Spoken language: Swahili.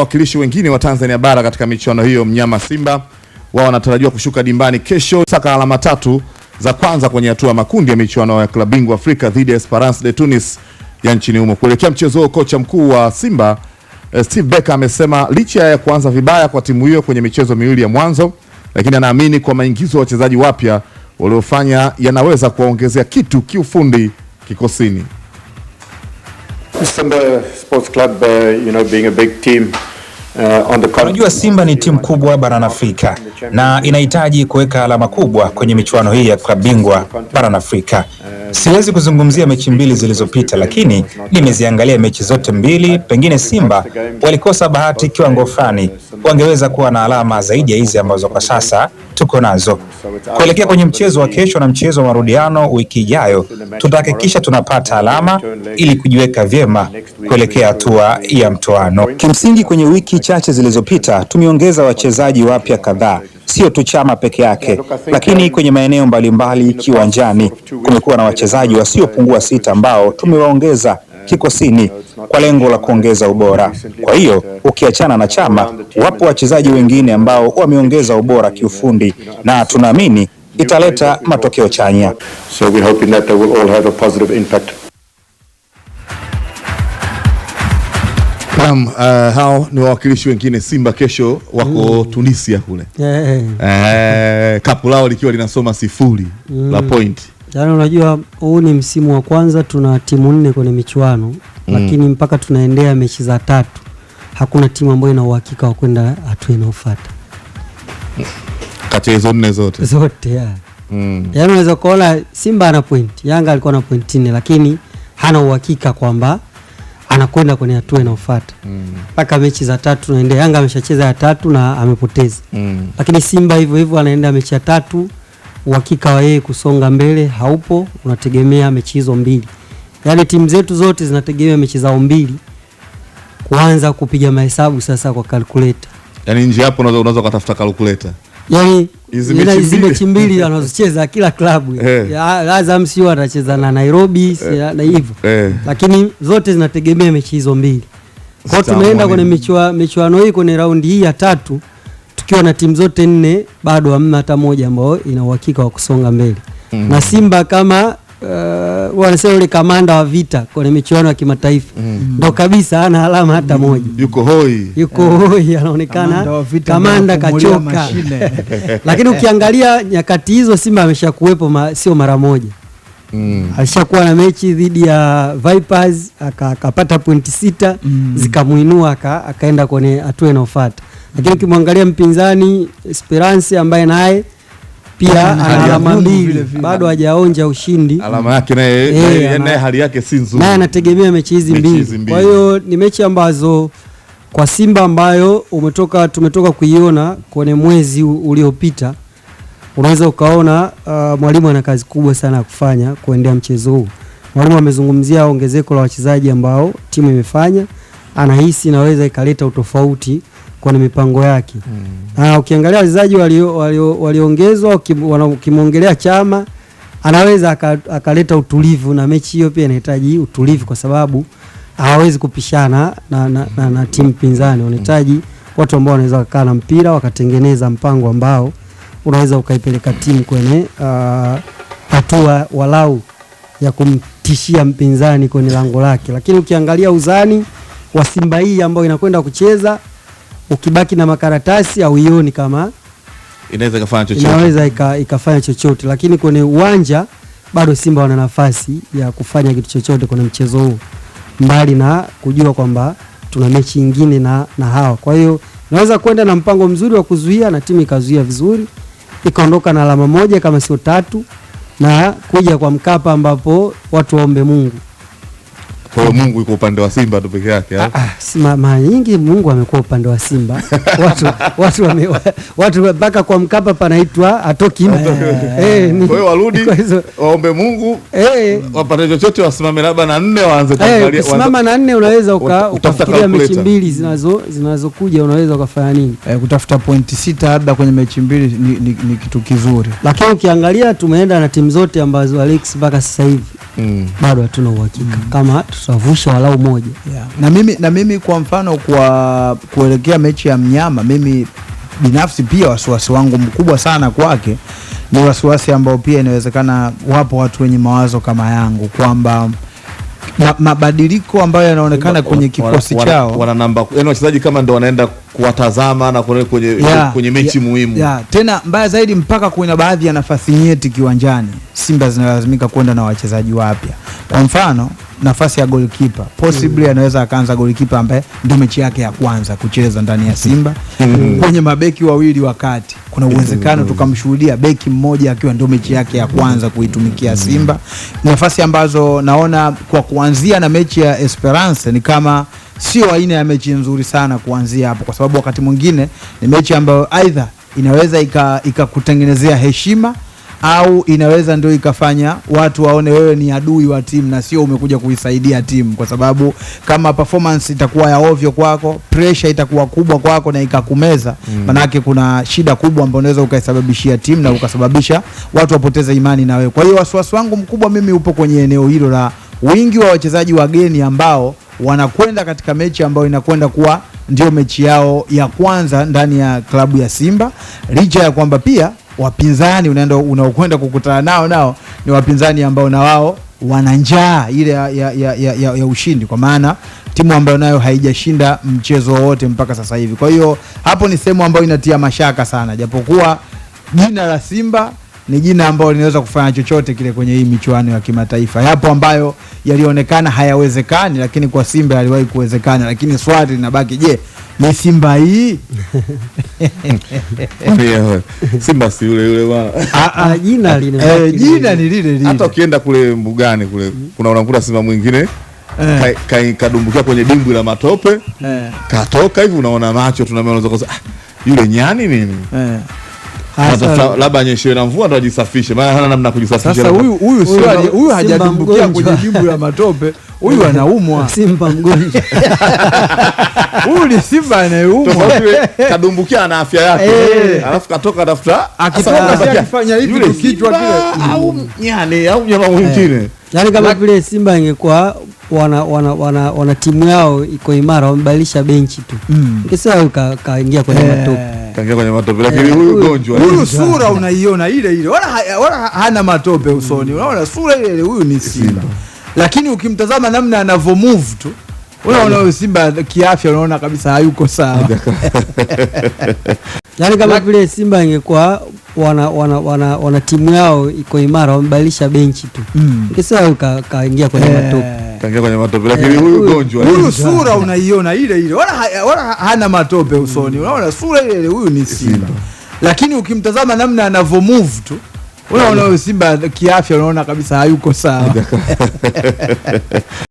wawakilishi wengine wa Tanzania bara katika michuano hiyo. Mnyama Simba wao wanatarajiwa kushuka dimbani kesho saka alama tatu za kwanza kwenye hatua ya makundi ya michuano ya klabu bingwa Afrika dhidi ya Esperance de Tunis ya nchini humo. Kuelekea mchezo huo, kocha mkuu wa Simba eh, Steve Becker amesema licha ya kuanza vibaya kwa timu hiyo kwenye michezo miwili ya mwanzo, lakini anaamini kwa maingizo ya wachezaji wapya waliofanya yanaweza kuwaongezea kitu kiufundi kikosini. Simba Sports Club, uh, you know, being a big team Uh, Unajua Simba ni timu kubwa barani Afrika na inahitaji kuweka alama kubwa kwenye michuano hii ya klabu bingwa barani Afrika. Siwezi kuzungumzia mechi mbili zilizopita, lakini nimeziangalia mechi zote mbili. Pengine Simba walikosa bahati kiwango fulani, wangeweza kuwa na alama zaidi ya hizi ambazo kwa sasa tuko nazo kuelekea kwenye mchezo wa kesho na mchezo wa marudiano wiki ijayo. Tutahakikisha tunapata alama ili kujiweka vyema kuelekea hatua ya mtoano. Kimsingi, kwenye wiki chache zilizopita tumeongeza wachezaji wapya kadhaa, sio tu Chama peke yake, lakini kwenye maeneo mbalimbali kiwanjani kumekuwa na wachezaji wasiopungua sita ambao tumewaongeza kiko sini kwa lengo la kuongeza ubora. Kwa hiyo ukiachana na chama, wapo wachezaji wengine ambao wameongeza ubora kiufundi na tunaamini italeta matokeo chanya. So we hope that they will all have a positive impact. Um, uh, hao ni wawakilishi wengine. Simba kesho wako mm. Tunisia kule yeah. Uh, kapu lao likiwa linasoma sifuri mm. la point Yaani unajua huu ni msimu wa kwanza tuna timu nne kwenye michuano mm. Lakini mpaka tunaendea mechi za tatu hakuna timu ambayo ina uhakika wa kwenda hatua inayofuata kati hizo nne zote zote ya. mm. Yaani unaweza kuona Simba ana point, Yanga alikuwa na point nne lakini hana uhakika kwamba anakwenda kwenye hatua inayofuata mm. mpaka mm. mechi za tatu tunaendea. Yanga ameshacheza ya tatu na amepoteza mm. Lakini Simba hivyo hivyo anaenda mechi ya tatu uhakika wa yeye kusonga mbele haupo, unategemea mechi hizo mbili. Yaani timu zetu zote zinategemea mechi zao mbili kuanza kupiga mahesabu sasa kwa kalkuleta. Yaani nje hapo unaweza unaweza kutafuta kalkuleta. Yaani hizi mechi mbili anazocheza kila klabu. Eh. Eh. Hey. Azam sio atacheza na Nairobi hey, eh. na hivyo. Hey. Lakini zote zinategemea mechi hizo mbili. Kwa tunaenda kwenye michuano hii kwenye raundi hii ya tatu tukiwa na timu zote nne bado hamna hata moja ambayo ina uhakika wa kusonga mbele mm. na Simba kama uh, wanasema yule kamanda wa vita kwenye michuano ya kimataifa mm. ndo mm. kabisa ana alama hata mm. moja, yuko hoi, yuko eh. hoi, anaonekana kamanda kamanda kachoka lakini ukiangalia nyakati hizo Simba ameshakuwepo ma, sio mara moja Mm. Alishakuwa na mechi dhidi ya Vipers akapata aka pointi sita mm. zikamuinua akaenda aka kwenye hatua inayofuata. Lakini ukimwangalia mpinzani Esperance ambaye naye pia ana alama mbili, bado hajaonja ushindi. Alama yake naye eh, naye hali yake si nzuri, naye anategemea mechi hizi mbili. Kwa hiyo ni mechi ambazo kwa Simba ambayo umetoka tumetoka kuiona kwenye mwezi uliopita, unaweza ukaona uh, mwalimu ana kazi kubwa sana ya kufanya kuendea mchezo huu. Mwalimu amezungumzia ongezeko la wachezaji ambao timu imefanya, anahisi inaweza ikaleta utofauti kwa na mipango yake mm. Ah, ukiangalia wachezaji waliongezwa wali, ukimwongelea Chama anaweza akaleta utulivu, na mechi hiyo pia inahitaji utulivu, kwa sababu hawawezi kupishana na, na, na, na timu pinzani. Wanahitaji watu ambao wanaweza kukaa na mpira wakatengeneza mpango ambao unaweza ukaipeleka timu kwenye ah, hatua uh, walau ya kumtishia mpinzani kwenye lango lake. Lakini ukiangalia uzani wa Simba hii ambayo inakwenda kucheza ukibaki na makaratasi au ioni kama inaweza ikafanya chochote, inaweza ikafanya chochote, lakini kwenye uwanja bado Simba wana nafasi ya kufanya kitu chochote kwenye mchezo huu, mbali na kujua kwamba tuna mechi nyingine na, na hawa. Kwa hiyo inaweza kwenda na mpango mzuri wa kuzuia na timu ikazuia vizuri ikaondoka na alama moja kama sio tatu, na kuja kwa Mkapa ambapo watu waombe Mungu kwa hiyo Mungu yuko upande wa Simba tu peke yake. Eh? Ah, ah, mara nyingi Mungu amekuwa upande wa Simba watu watu wame, watu mpaka kwa Mkapa panaitwa atoki. Eh, eh, kwa hiyo warudi waombe Mungu eh, wapate chochote, wasimame labda na nne waanze kuangalia. Simama na nne unaweza ukafikiria mechi mbili zinazo zinazokuja unaweza ukafanya nini? Eh, kutafuta pointi sita labda kwenye mechi mbili ni, ni, ni kitu kizuri, lakini ukiangalia tumeenda na timu zote ambazo Alex mpaka sasa hivi mm. bado hatuna uhakika mm. kama vusu walau moja yeah. Na mimi, na mimi kwa mfano kwa kuelekea mechi ya mnyama mimi binafsi pia wasiwasi wangu mkubwa sana kwake ni wasiwasi ambao pia inawezekana wapo watu wenye mawazo kama yangu kwamba mabadiliko ambayo yanaonekana kwenye kikosi chao wana namba, yani wachezaji kama ndo wanaenda kuwatazama na kuona kwenye, yeah, kwenye mechi yeah, muhimu yeah. Tena mbaya zaidi mpaka kuna baadhi ya nafasi nyeti kiwanjani Simba zinalazimika kwenda na wachezaji wapya, kwa mfano nafasi ya goalkeeper possibly mm. anaweza akaanza goalkeeper ambaye ndio mechi yake ya kwanza kucheza ndani ya mm. Simba mm. kwenye mabeki wawili wakati kuna mm. uwezekano mm. tukamshuhudia beki mmoja akiwa ndio mechi yake ya kwanza kuitumikia mm. Simba, nafasi ambazo naona kwa kuanzia na mechi ya Esperance ni kama sio aina ya mechi nzuri sana kuanzia hapo, kwa sababu wakati mwingine ni mechi ambayo aidha inaweza ikakutengenezea ika heshima au inaweza ndio ikafanya watu waone wewe ni adui wa timu na sio umekuja kuisaidia timu, kwa sababu kama performance itakuwa ya ovyo kwako, pressure itakuwa kubwa kwako na ikakumeza mm. kuna shida kubwa ambayo unaweza ukaisababishia timu na ukasababisha watu wapoteze imani na wewe. Kwa hiyo wasiwasi wangu mkubwa mimi upo kwenye eneo hilo la wingi wa wachezaji wageni ambao wanakwenda katika mechi ambayo inakwenda kuwa ndio mechi yao ya kwanza ndani ya klabu ya Simba, licha ya kwamba pia wapinzani unaokwenda kukutana nao nao ni wapinzani ambao na wao wana njaa ile ya, ya, ya, ya, ya ushindi, kwa maana timu ambayo nayo haijashinda mchezo wowote mpaka sasa hivi. Kwa hiyo hapo ni sehemu ambayo inatia mashaka sana, japokuwa jina la Simba ni jina ambalo linaweza kufanya chochote kile kwenye hii michuano ya kimataifa. Yapo ambayo yalionekana hayawezekani, lakini kwa Simba yaliwahi kuwezekana. Lakini swali linabaki, je, ni Simba hii? Simba si yule yule bwana, jina linabaki, eh, jina ni lile lile. Hata ukienda kule mbugani kule kuna unakuta Simba mwingine Eh, ka, kadumbukia kwenye dimbwi la matope eh. katoka hivi, unaona macho tunaona, unaweza kusema ah, yule nyani nini eh. Ah, labda anyeshewe na mvua ndo ajisafishe, maana hana namna kujisafisha. Sasa huyu huyu huyu hajadumbukia kwenye dimbwi la matope. huyu anaumwa, simba mgonjwa huyu ni simba anayeumwa, kadumbukia na afya yake, eh. alafu katoka tafuta, akitoka akifanya hivi kichwa kile, au nyani au nyama eh. mwingine, yani kama vile Simba ingekuwa wana, wana, wana, wana timu yao iko imara, wamebadilisha benchi tu mm. Kisa kaingia kwenye yeah. matope kaingia kwenye matope, lakini eh. huyu gonjwa huyu sura unaiona ile ile, wala wala hana matope usoni, unaona sura ile ile, huyu ni Simba lakini ukimtazama namna anavyo move tu unaona Simba kiafya, unaona kabisa hayuko sawa yani kama vile Simba ingekuwa wana, wana, wana, wana timu yao iko imara, wamebadilisha benchi tu mm. kaingia ka kwenye yeah. matope kaingia kwenye matope, lakini eh, huyu gonjwa huyu sura unaiona ile ile, wala wala hana matope usoni mm. Unaona sura ile ile, huyu ni Simba, Simba. Lakini ukimtazama namna anavyo move tu unaona usimba Simba kiafya, unaona kabisa hayuko sawa.